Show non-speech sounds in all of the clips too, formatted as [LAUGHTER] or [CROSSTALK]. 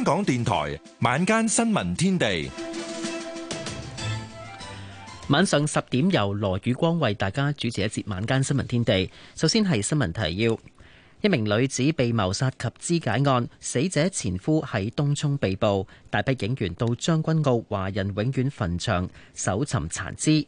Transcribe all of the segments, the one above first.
香港電台晚間新聞天地，晚上十點由羅宇光為大家主持一節晚間新聞天地。首先係新聞提要：一名女子被謀殺及肢解案，死者前夫喺東涌被捕；大批警員到將軍澳華人永遠墳場搜尋殘肢。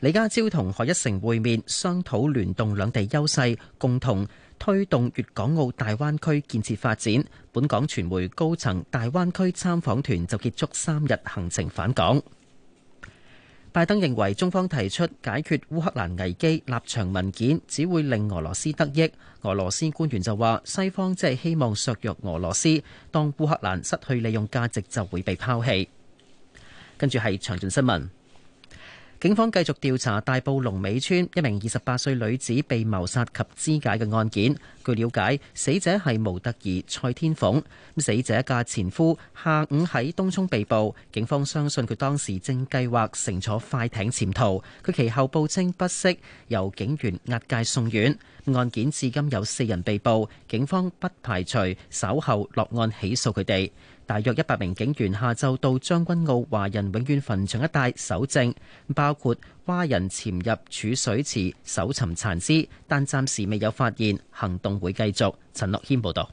李家超同何一成會面，商討聯動兩地優勢，共同。推動粵港澳大灣區建設發展，本港傳媒高層大灣區參訪團就結束三日行程返港。拜登認為中方提出解決烏克蘭危機立場文件只會令俄羅斯得益。俄羅斯官員就話：西方即係希望削弱俄羅斯，當烏克蘭失去利用價值就會被拋棄。跟住係詳盡新聞。警方繼續調查大埔龍尾村一名二十八歲女子被謀殺及肢解嘅案件。據了解，死者係模特兒蔡天鳳。死者嘅前夫下午喺東涌被捕，警方相信佢當時正計劃乘坐快艇潛逃。佢其後報稱不適，由警員押解送院。案件至今有四人被捕，警方不排除稍後落案起訴佢哋。大約一百名警員下晝到將軍澳華人永遠墳場一帶搜證，包括蛙人潛入儲水池搜尋殘肢，但暫時未有發現。行動會繼續。陳樂謙報道。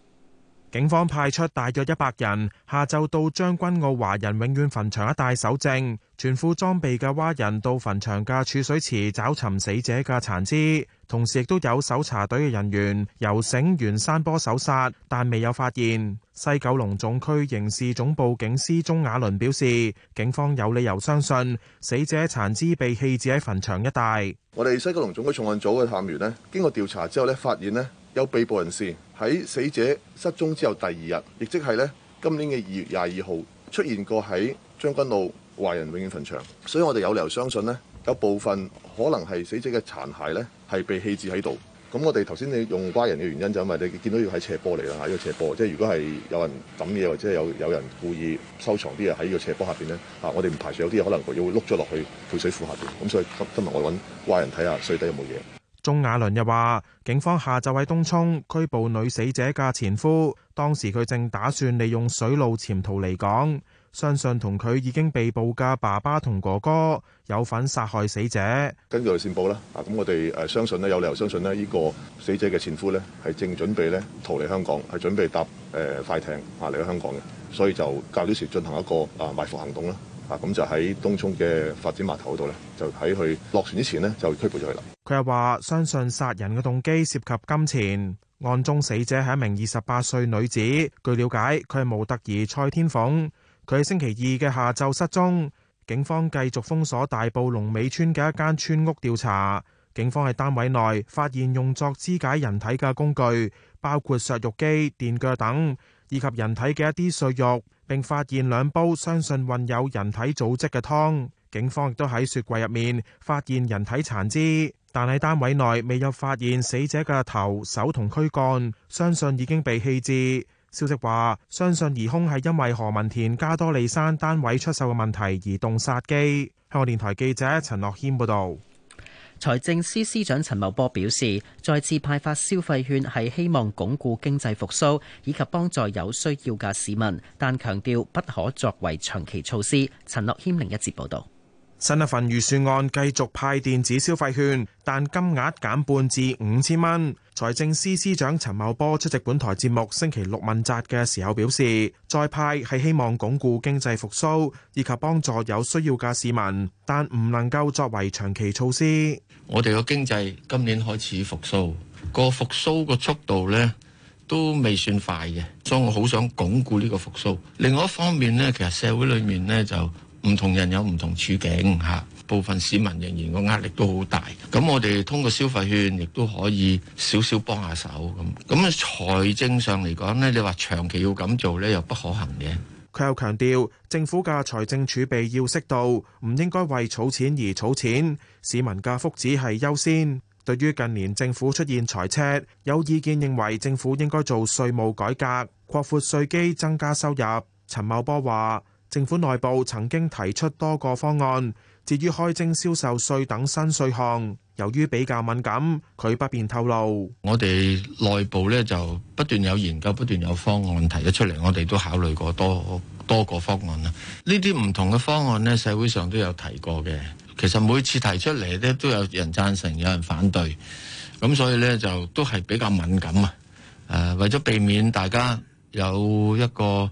警方派出大約一百人，下晝到將軍澳華人永遠墳場一帶搜證，全副裝備嘅蛙人到墳場嘅儲水池找尋死者嘅殘肢，同時亦都有搜查隊嘅人員遊繩沿山坡搜殺，但未有發現。西九龍總區刑事總部警司鍾雅倫表示，警方有理由相信死者殘肢被棄置喺墳場一帶。我哋西九龍總區重案組嘅探員咧，經過調查之後呢發現咧。有被捕人士喺死者失蹤之後第二日，亦即係咧今年嘅二月廿二號出現過喺將軍澳華人永遠墳場，所以我哋有理由相信呢有部分可能係死者嘅殘骸呢係被棄置喺度。咁我哋頭先你用蛙人嘅原因就因為你見到要喺斜坡嚟啦嚇，呢個斜坡即係如果係有人抌嘢或者係有有人故意收藏啲嘢喺呢個斜坡下邊呢，嚇，我哋唔排除有啲嘢可能要碌咗落去配水庫下邊。咁所以今今日我揾蛙人睇下水底有冇嘢。鍾雅倫又話，警方下晝喺東涌拘捕女死者嘅前夫，當時佢正打算利用水路潛逃嚟港，相信同佢已經被捕嘅爸爸同哥哥有份殺害死者。根據線報啦，啊，咁我哋誒相信呢，有理由相信呢，呢、這個死者嘅前夫呢係正準備呢逃離香港，係準備搭誒快艇啊嚟去香港嘅，所以就較早時進行一個啊埋伏行動啦。啊，咁就喺東涌嘅發展碼頭度呢，就喺佢落船之前呢，就拘捕咗佢啦。佢又話，相信殺人嘅動機涉及金錢。案中死者係一名二十八歲女子。據了解，佢係模特兒蔡天鳳。佢喺星期二嘅下晝失蹤。警方繼續封鎖大埔龍尾村嘅一間村屋調查。警方喺單位內發現用作肢解人體嘅工具，包括削肉機、電鋸等，以及人體嘅一啲碎肉，並發現兩煲相信混有人體組織嘅湯。警方亦都喺雪櫃入面發現人體殘肢。但喺單位內未有發現死者嘅頭、手同軀幹，相信已經被棄置。消息話，相信疑兇係因為何文田加多利山單位出售嘅問題而動殺機。香港電台記者陳樂軒報導。財政司司長陳茂波表示，再次派發消費券係希望鞏固經濟復甦，以及幫助有需要嘅市民，但強調不可作為長期措施。陳樂軒另一節報導。新一份預算案繼續派電子消費券，但金額減半至五千蚊。財政司司長陳茂波出席本台節目星期六問責嘅時候表示，再派係希望鞏固經濟復甦，以及幫助有需要嘅市民，但唔能夠作為長期措施。我哋嘅經濟今年開始復甦，個復甦個速度咧都未算快嘅，所以我好想鞏固呢個復甦。另外一方面呢，其實社會裏面呢就，唔同人有唔同處境吓，部分市民仍然個壓力都好大。咁我哋通過消費券亦都可以少少幫下手咁。咁啊，財政上嚟講呢你話長期要咁做呢，又不可行嘅。佢又強調政府嘅財政儲備要適度，唔應該為儲錢而儲錢。市民嘅福祉係優先。對於近年政府出現財赤，有意見認為政府應該做稅務改革，擴闊稅基，增加收入。陳茂波話。政府內部曾經提出多個方案，至於開徵銷售稅等新稅項，由於比較敏感，佢不便透露。我哋內部咧就不斷有研究，不斷有方案提咗出嚟，我哋都考慮過多多個方案啦。呢啲唔同嘅方案呢，社會上都有提過嘅。其實每次提出嚟呢，都有人贊成，有人反對，咁所以呢，就都係比較敏感啊。誒，為咗避免大家有一個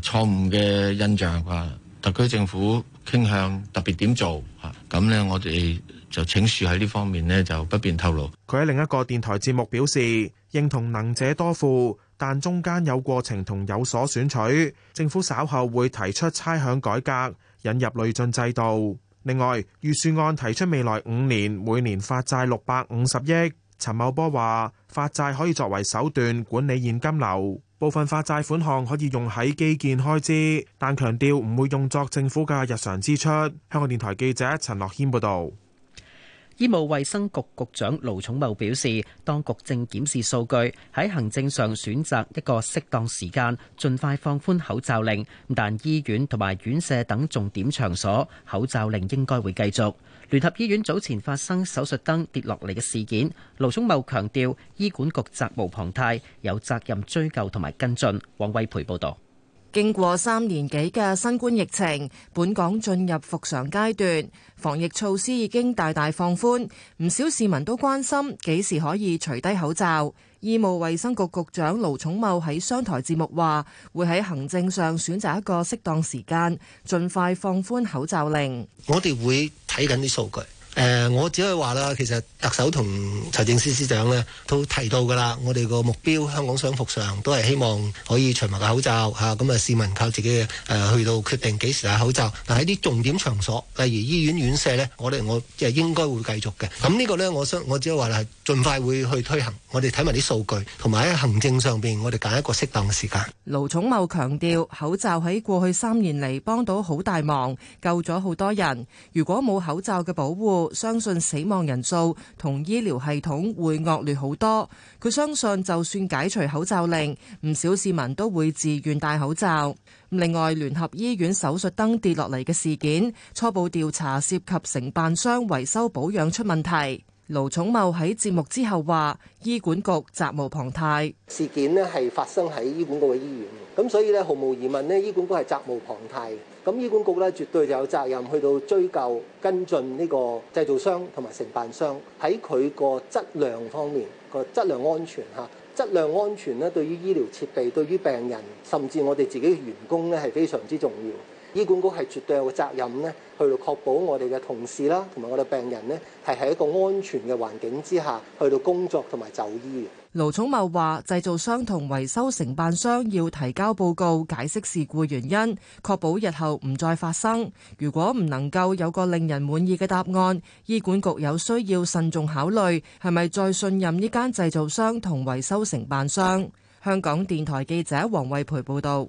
誒，錯誤嘅印象話，特區政府傾向特別點做，咁呢，我哋就請恕喺呢方面呢就不便透露。佢喺另一個電台節目表示認同能者多付，但中間有過程同有所選取。政府稍後會提出差餉改革，引入累進制度。另外預算案提出未來五年每年發債六百五十億。陳茂波話發債可以作為手段管理現金流。部分發債款項可以用喺基建開支，但強調唔會用作政府嘅日常支出。香港電台記者陳樂謙報導。醫務衛生局局長盧寵茂表示，當局正檢視數據，喺行政上選擇一個適當時間，盡快放寬口罩令。咁但醫院同埋院舍等重點場所，口罩令應該會繼續。聯合醫院早前發生手術燈跌落嚟嘅事件，盧松茂強調醫管局責無旁貸，有責任追究同埋跟進。王偉培報道：經過三年幾嘅新冠疫情，本港進入復常階段，防疫措施已經大大放寬，唔少市民都關心幾時可以除低口罩。醫務衛生局局長盧寵茂喺商台節目話，會喺行政上選擇一個適當時間，盡快放寬口罩令。我哋會睇緊啲數據。誒、呃，我只可以話啦，其實特首同財政司司長咧都提到噶啦，我哋個目標，香港想復常都係希望可以除埋個口罩嚇，咁啊，市民靠自己誒、呃、去到決定幾時戴口罩。但係一啲重點場所，例如醫院院舍咧，我哋我即係應該會繼續嘅。咁呢個呢，我想我只可以話係盡快會去推行。我哋睇埋啲數據，同埋喺行政上邊，我哋揀一個適當嘅時間。盧寵茂強調，口罩喺過去三年嚟幫到好大忙，救咗好多人。如果冇口罩嘅保護，相信死亡人數同醫療系統會惡劣好多。佢相信就算解除口罩令，唔少市民都會自願戴口罩。另外，聯合醫院手術燈跌落嚟嘅事件，初步調查涉及承辦商維修保養出問題。盧寵茂喺節目之後話，醫管局責無旁貸。事件咧係發生喺醫管局嘅醫院，咁所以咧毫無疑問咧，醫管局係責無旁貸。咁醫管局咧，絕對就有責任去到追究跟進呢個製造商同埋承辦商喺佢個質量方面個質量安全嚇，質量安全咧對於醫療設備，對於病人，甚至我哋自己員工咧係非常之重要。醫管局係絕對有責任咧，去到確保我哋嘅同事啦，同埋我哋病人呢，係喺一個安全嘅環境之下，去到工作同埋就醫嘅。盧寵茂話：製造商同維修承辦商要提交報告解釋事故原因，確保日後唔再發生。如果唔能夠有個令人滿意嘅答案，醫管局有需要慎重考慮係咪再信任呢間製造商同維修承辦商。香港電台記者黃慧培報道。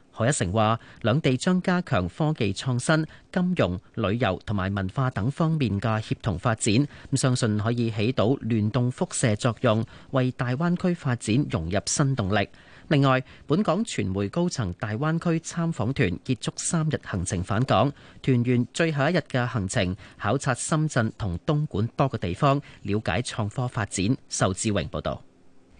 羅一成話，兩地將加強科技創新、金融、旅遊同埋文化等方面嘅協同發展，相信可以起到聯動輻射作用，為大灣區發展融入新動力。另外，本港傳媒高層大灣區參訪團結束三日行程返港，團員最後一日嘅行程考察深圳同東莞多個地方，了解創科發展。仇志榮報道。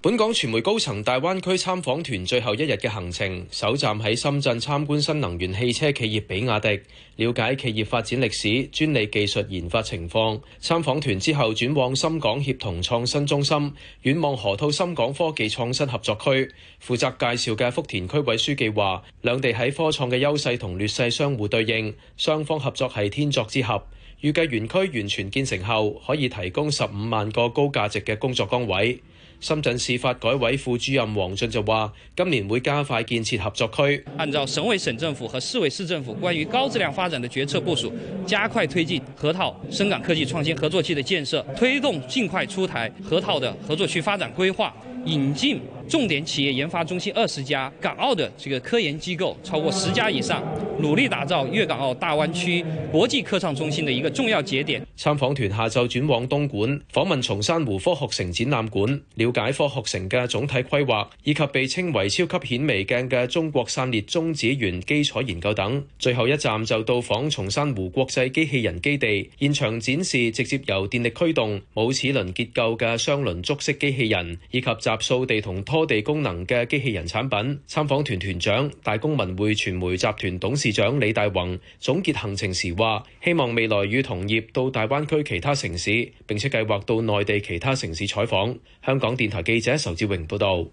本港傳媒高層大灣區參訪團最後一日嘅行程，首站喺深圳參觀新能源汽車企業比亞迪，了解企業發展歷史、專利技術研發情況。參訪團之後轉往深港協同創新中心，遠望河套深港科技創新合作區。負責介紹嘅福田區委書記話，兩地喺科創嘅優勢同劣勢相互對應，雙方合作係天作之合。預計園區完全建成後，可以提供十五萬個高價值嘅工作崗位。深圳市發改委副主任王俊就話，今年會加快建設合作區。按照省委、省政府和市委、市政府關於高質量發展的決策部署，加快推進河套深港科技創新合作區的建設，推動盡快出台河套的合作區發展規劃，引進，重點企業研發中心二十家，港澳的這個科研機構超過十家以上，努力打造粵港澳大灣區國際科創中心的一個重要節點。參訪團下晝轉往東莞，訪問松山湖科學城展覽館，了解科學城嘅總體規劃，以及被稱為超級顯微鏡嘅中國散裂中子源基礎研究等。最後一站就到訪松山湖國際機器人基地，現場展示直接由電力驅動、冇齒輪結構嘅雙輪足式機器人，以及集數地同拖。多地功能嘅機器人產品，參訪團團長、大公文匯傳媒集團董事長李大宏總結行程時話，希望未來與同業到大灣區其他城市，並且計劃到內地其他城市採訪。香港電台記者仇志榮報道。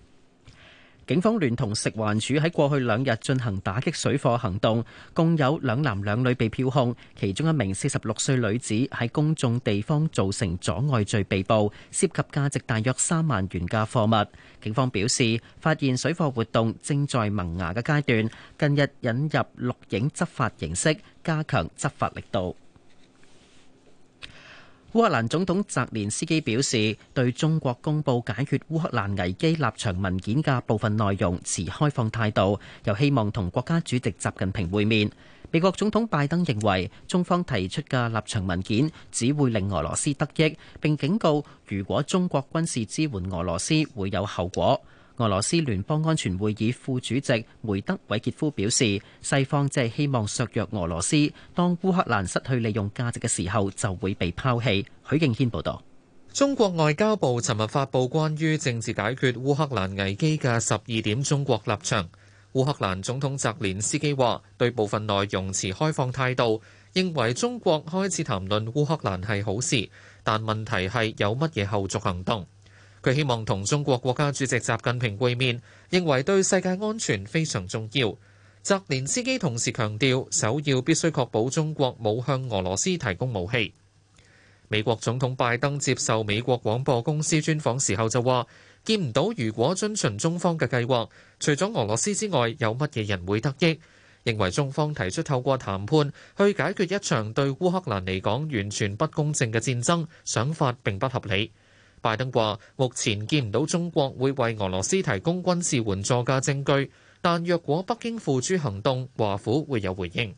警方聯同食環署喺過去兩日進行打擊水貨行動，共有兩男兩女被票控，其中一名四十六歲女子喺公眾地方造成阻礙罪被捕，涉及價值大約三萬元嘅貨物。警方表示，發現水貨活動正在萌芽嘅階段，近日引入錄影執法形式，加強執法力度。烏克蘭總統澤連斯基表示，對中國公布解決烏克蘭危機立場文件嘅部分內容持開放態度，又希望同國家主席習近平會面。美國總統拜登認為，中方提出嘅立場文件只會令俄羅斯得益，並警告如果中國軍事支援俄羅斯會有後果。俄羅斯聯邦安全會議副主席梅德韋傑夫表示，西方淨係希望削弱俄羅斯，當烏克蘭失去利用價值嘅時候，就會被拋棄。許敬軒報道。中國外交部尋日發布關於政治解決烏克蘭危機嘅十二點中國立場。烏克蘭總統澤連斯基話，對部分內容持開放態度，認為中國開始談論烏克蘭係好事，但問題係有乜嘢後續行動。佢希望同中國國家主席習近平會面，認為對世界安全非常重要。澤連斯基同時強調，首要必須確保中國冇向俄羅斯提供武器。美國總統拜登接受美國廣播公司專訪時候就話，見唔到如果遵循中方嘅計劃，除咗俄羅斯之外，有乜嘢人會得益？認為中方提出透過談判去解決一場對烏克蘭嚟講完全不公正嘅戰爭，想法並不合理。拜登話：目前見唔到中國會為俄羅斯提供軍事援助嘅證據，但若果北京付諸行動，華府會有回應。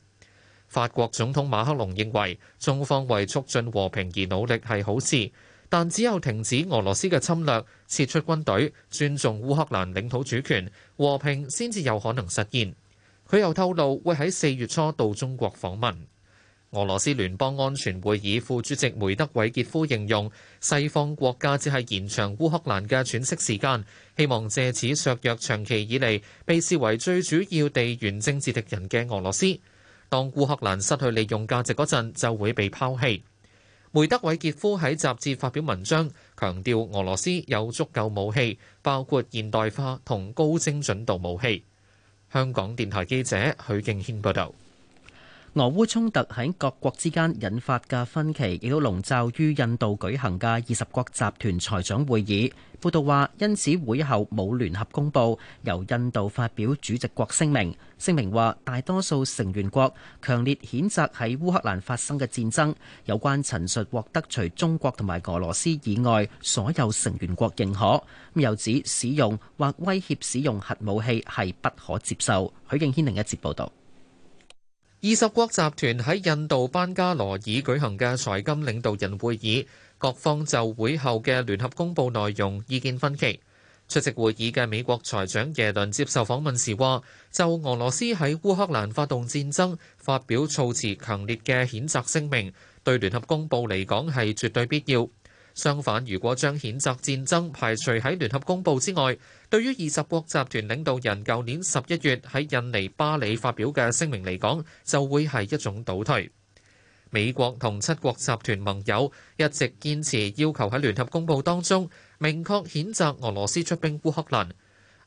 法國總統馬克龍認為，中方為促進和平而努力係好事，但只有停止俄羅斯嘅侵略、撤出軍隊、尊重烏克蘭領土主權，和平先至有可能實現。佢又透露會喺四月初到中國訪問。俄羅斯聯邦安全會議副主席梅德韋傑夫形容，西方國家只係延長烏克蘭嘅喘息時間，希望借此削弱長期以嚟被視為最主要地緣政治敵人嘅俄羅斯。當烏克蘭失去利用價值嗰陣，就會被拋棄。梅德韋傑夫喺雜誌發表文章，強調俄羅斯有足夠武器，包括現代化同高精準度武器。香港電台記者許敬軒報導。俄烏衝突喺各國之間引發嘅分歧，亦都籠罩於印度舉行嘅二十國集團財長會議。報道話，因此會後冇聯合公佈，由印度發表主席國聲明。聲明話，大多數成員國強烈譴責喺烏克蘭發生嘅戰爭，有關陳述獲得除中國同埋俄羅斯以外所有成員國認可。又指使用或威脅使用核武器係不可接受。許敬軒另一節報道。二十國集團喺印度班加羅爾舉行嘅財金領導人會議，各方就會後嘅聯合公布內容意見分歧。出席會議嘅美國財長耶倫接受訪問時話，就俄羅斯喺烏克蘭發動戰爭發表措辭強烈嘅譴責聲明，對聯合公布嚟講係絕對必要。相反，如果將譴責戰爭排除喺聯合公佈之外，對於二十國集團領導人舊年十一月喺印尼巴里發表嘅聲明嚟講，就會係一種倒退。美國同七國集團盟友一直堅持要求喺聯合公佈當中明確譴責俄羅斯出兵烏克蘭，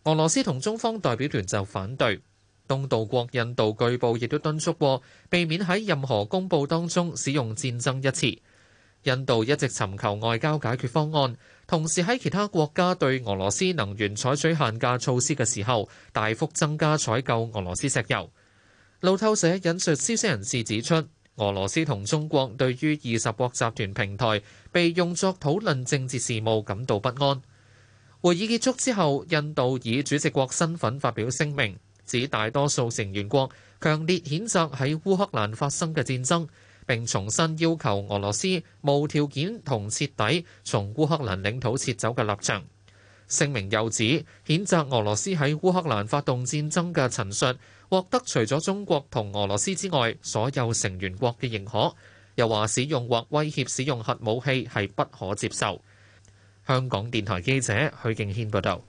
俄羅斯同中方代表團就反對。東道國印度據報亦都敦促過避免喺任何公佈當中使用戰爭一詞。印度一直尋求外交解決方案，同時喺其他國家對俄羅斯能源採取限價措施嘅時候，大幅增加採購俄羅斯石油。路透社引述消息人士指出，俄羅斯同中國對於二十國集團平台被用作討論政治事務感到不安。會議結束之後，印度以主席國身份發表聲明，指大多數成員國強烈譴責喺烏克蘭發生嘅戰爭。並重新要求俄羅斯無條件同徹底從烏克蘭領土撤走嘅立場。聲明又指，譴責俄羅斯喺烏克蘭發動戰爭嘅陳述獲得除咗中國同俄羅斯之外所有成員國嘅認可，又話使用或威脅使用核武器係不可接受。香港電台記者許敬軒報導。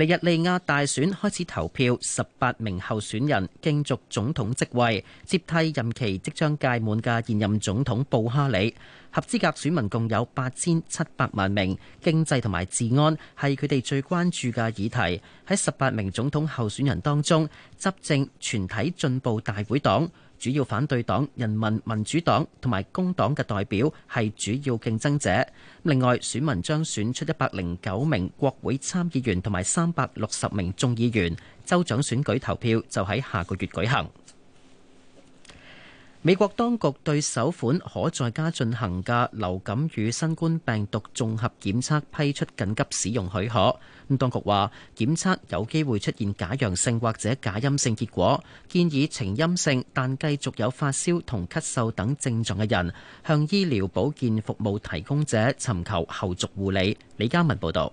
尼日利亞大選開始投票，十八名候選人競逐總統職位，接替任期即將屆滿嘅現任總統布哈里。合資格選民共有八千七百萬名，經濟同埋治安係佢哋最關注嘅議題。喺十八名總統候選人當中，執政全體進步大會黨，主要反對黨人民民主黨同埋工黨嘅代表係主要競爭者。另外，選民將選出一百零九名國會參議員同埋三百六十名眾議員。州長選舉投票就喺下個月舉行。美國當局對首款可在家進行嘅流感與新冠病毒綜合檢測批出緊急使用許可。當局話，檢測有機會出現假陽性或者假陰性結果，建議呈陰性但繼續有發燒同咳嗽等症狀嘅人，向醫療保健服務提供者尋求後續護理。李嘉文報導，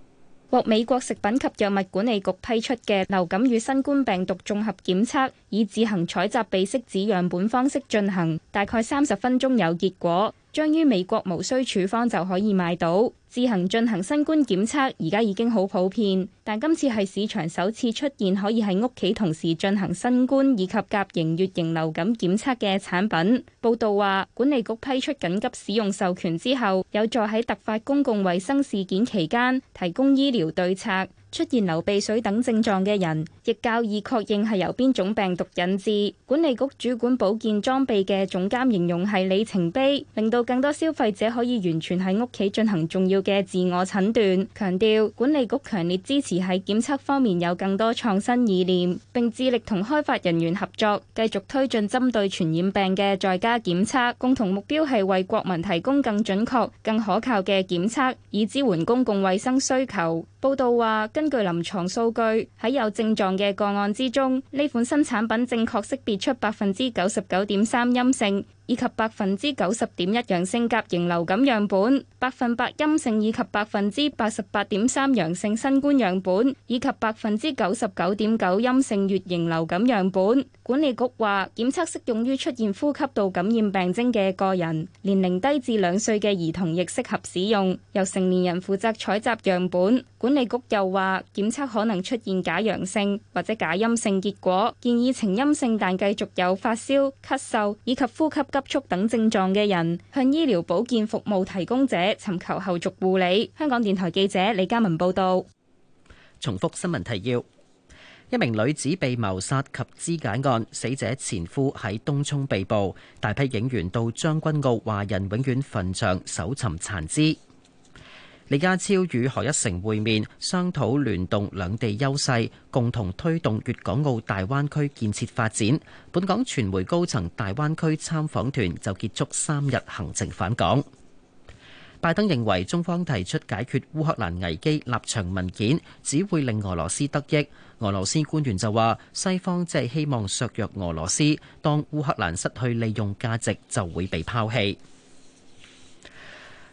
獲美國食品及藥物管理局批出嘅流感與新冠病毒綜合檢測，以自行採集鼻拭子樣本方式進行，大概三十分鐘有結果。將於美國無需處方就可以買到。自行進行新冠檢測，而家已經好普遍，但今次係市場首次出現可以喺屋企同時進行新冠以及甲型、乙型流感檢測嘅產品。報道話，管理局批出緊急使用授權之後，有助喺突發公共衛生事件期間提供醫療對策。出現流鼻水等症狀嘅人，亦較易確認係由邊種病毒引致。管理局主管保健裝備嘅總監形容係里程碑，令到更多消費者可以完全喺屋企進行重要嘅自我診斷。強調管理局強烈支持喺檢測方面有更多創新意念，並致力同開發人員合作，繼續推進針對傳染病嘅在家檢測。共同目標係為國民提供更準確、更可靠嘅檢測，以支援公共衛生需求。報道話，根據臨床數據，喺有症狀嘅個案之中，呢款新產品正確識別出百分之九十九點三陰性。以及百分之九十點一陽性甲型流感樣本，百分百陰性以及百分之八十八點三陽性新冠樣本，以及百分之九十九點九陰性乙型流感樣本。管理局話檢測適用於出現呼吸道感染病徵嘅個人，年齡低至兩歲嘅兒童亦適合使用，由成年人負責採集樣本。管理局又話檢測可能出現假陽性或者假陰性結果，建議呈陰性但繼續有發燒、咳嗽以及呼吸急促等症狀嘅人，向醫療保健服務提供者尋求後續護理。香港電台記者李嘉文報道。重複新聞提要：一名女子被謀殺及肢解案，死者前夫喺東涌被捕。大批警員到將軍澳華人永遠墳場搜尋殘肢。李家超與何一成會面，商討聯動兩地優勢，共同推動粵港澳大灣區建設發展。本港傳媒高層大灣區參訪團就結束三日行程返港。拜登認為中方提出解決烏克蘭危機立場文件，只會令俄羅斯得益。俄羅斯官員就話：西方即係希望削弱俄羅斯，當烏克蘭失去利用價值，就會被拋棄。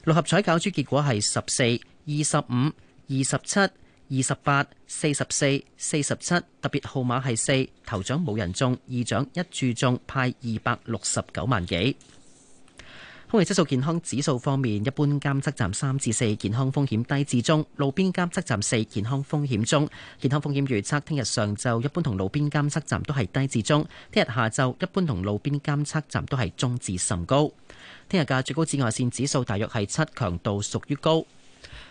六合彩攪珠結果係十四、二十五、二十七、二十八、四十四、四十七，特別號碼係四。頭獎冇人中，二獎一注中，派二百六十九萬幾。空氣質素健康指數方面，一般監測站三至四，健康風險低至中；路邊監測站四，健康風險中。健康風險預測，聽日上晝一般同路邊監測站都係低至中；聽日下晝一般同路邊監測站都係中至甚高。聽日嘅最高紫外線指數大約係七，強度屬於高。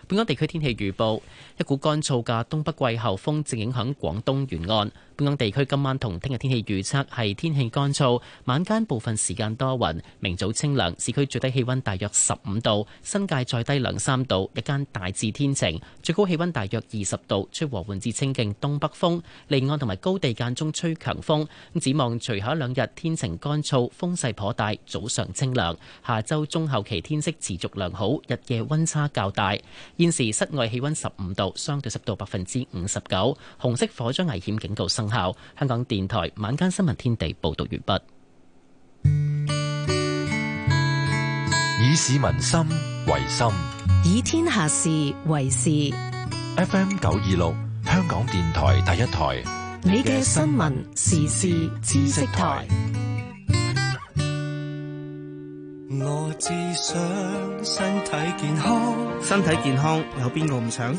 本港地區天氣預報，一股乾燥嘅東北季候風正影響廣東沿岸。本港地區今晚同聽日天氣預測係天氣乾燥，晚間部分時間多雲，明早清涼，市區最低氣溫大約十五度，新界再低兩三度，日間大致天晴，最高氣溫大約二十度，吹和緩至清勁東北風，離岸同埋高地間中吹強風，咁指望隨後一兩日天晴乾燥，風勢頗大，早上清涼，下周中後期天色持續良好，日夜溫差較大。現時室外氣温十五度，相對濕度百分之五十九，紅色火災危險警告生效。香港電台晚間新聞天地報道完畢。以市民心為心，以天下事為事。FM 九二六，香港電台第一台，你嘅新聞時事知識台。我只想身體健康，身體健康有邊個唔想？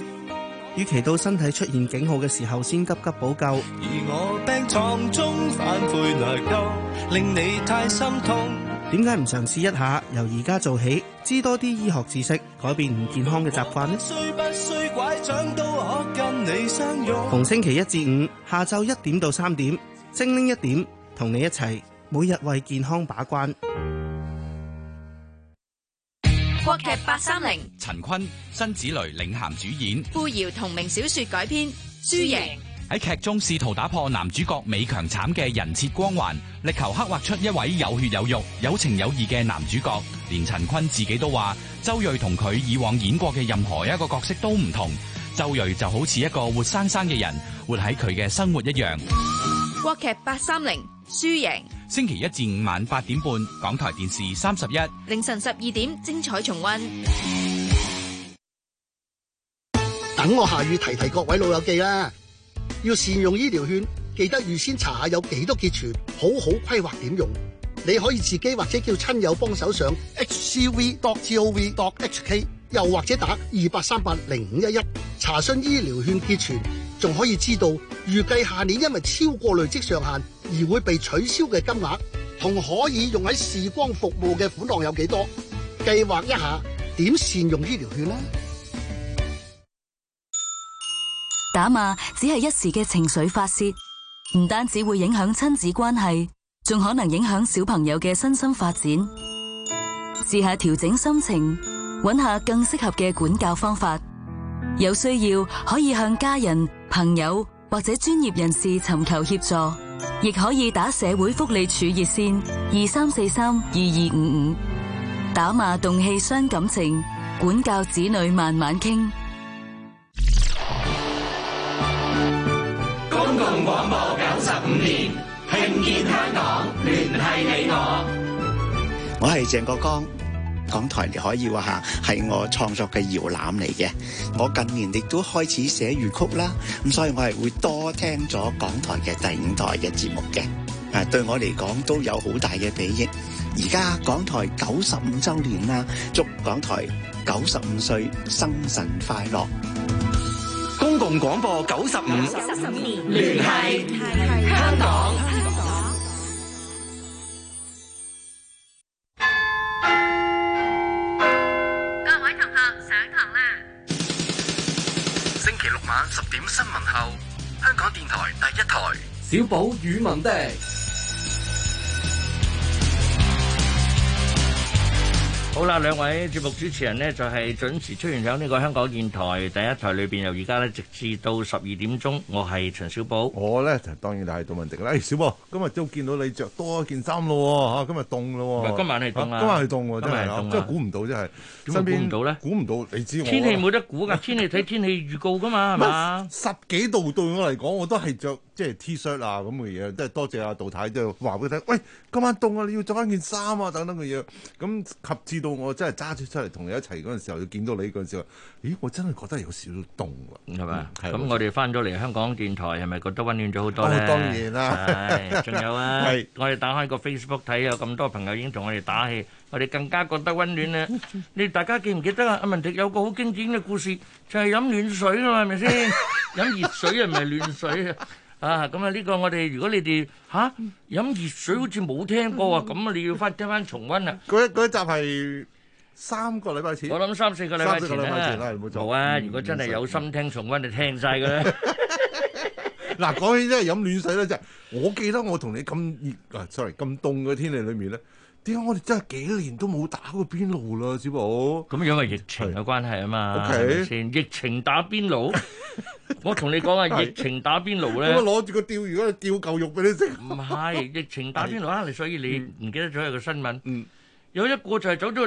與其到身體出現警號嘅時候先急急補救，而我病床中反悔難咎，令你太心痛。點解唔嘗試一下，由而家做起，知多啲醫學知識，改變唔健康嘅習慣呢？逢星期一至五下晝一點到三點，精靈一點同你一齊，每日為健康把關。國劇八三零，陳坤、辛芷蕾領銜主演，傅瑤同名小說改編，輸贏喺劇中試圖打破男主角美強慘嘅人設光環，力求刻畫出一位有血有肉、有情有義嘅男主角。連陳坤自己都話，周銳同佢以往演過嘅任何一個角色都唔同，周銳就好似一個活生生嘅人，活喺佢嘅生活一樣。國劇八三零，輸贏。星期一至五晚八點半，港台電視三十一，凌晨十二點精彩重温。等我下雨提提各位老友記啦，要善用醫療券，記得預先查下有幾多結存，好好規劃點用。你可以自己或者叫親友幫手上 HCV.gov.hk，又或者打二八三八零五一一查詢醫療券結存。仲可以知道預計下年因為超過累積上限而會被取消嘅金額，同可以用喺視光服務嘅款項有幾多？計劃一下點善用醫療券啦！打罵只係一時嘅情緒發泄，唔單止會影響親子關係，仲可能影響小朋友嘅身心發展。試下調整心情，揾下更適合嘅管教方法。有需要可以向家人。朋友或者專業人士尋求協助，亦可以打社會福利署熱線二三四三二二五五。打罵動氣傷感情，管教子女慢慢傾。公共廣播九十五年聽見香港，聯繫你我。我係鄭國江。港台你可以話係我創作嘅搖籃嚟嘅，我近年亦都開始寫粵曲啦，咁所以我係會多聽咗港台嘅第五台嘅節目嘅，誒對我嚟講都有好大嘅裨益。而家港台九十五周年啦，祝港台九十五歲生辰快樂！公共廣播九十五年，聯繫香港。小寶與文迪，好啦，兩位節目主持人呢，就係準時出現喺呢個香港電台第一台裏邊。由而家呢，直至到十二點鐘，我係陳小寶，我咧當然就係杜文迪啦。小寶，今日都見到你着多一件衫咯，吓，今日凍咯。唔係，今晚係凍啊，今晚係凍，真係，真係估唔到，真係。點估唔到咧？估唔到，你知天氣冇得估噶，天氣睇天氣預告噶嘛，係嘛？十幾度對我嚟講，我都係着。即係 T-shirt 啊咁嘅嘢，即係多謝阿杜太即係話俾佢聽，喂今晚凍啊，你要着翻件衫啊等等嘅嘢。咁及至到我真係揸住出嚟同你一齊嗰陣時候，見到你嗰陣時候，咦我真係覺得有少少凍喎，係嘛吧？咁、嗯、我哋翻咗嚟香港電台，係咪覺得溫暖咗好多咧、哦？當然啦，仲 [LAUGHS] 有啊，是我哋打開個 Facebook 睇，有咁多朋友已經同我哋打氣，我哋更加覺得溫暖啊。你大家記唔記得啊？阿文迪有個好經典嘅故事，就係、是、飲暖水啊嘛，係咪先？飲 [LAUGHS] 熱水係咪暖水啊？啊，咁啊，呢個我哋如果你哋嚇、啊、飲熱水好似冇聽過啊，咁 [LAUGHS] 你要翻聽翻重温啊。嗰 [LAUGHS] 一,一集係三個禮拜前，我諗三四個禮拜前啦。冇錯。啊，啊，如果真係有心聽重温，嗯、就聽晒㗎啦。嗱、 [LAUGHS] [LAUGHS] 啊，講起真係飲暖水咧，就係我記得我同你咁熱啊，sorry，咁凍嘅天氣裏面咧。點解我哋真係幾年都冇打過邊爐啦，小寶？咁樣係疫情嘅關係啊嘛，係咪疫情打邊爐？我同你講啊，疫情打邊爐咧， [LAUGHS] 我攞住個釣魚喺度釣嚿肉俾你食。唔係，疫情打邊爐啊！你 [LAUGHS] 是所以你唔記得咗有個新聞，嗯，嗯，有一個就係走咗。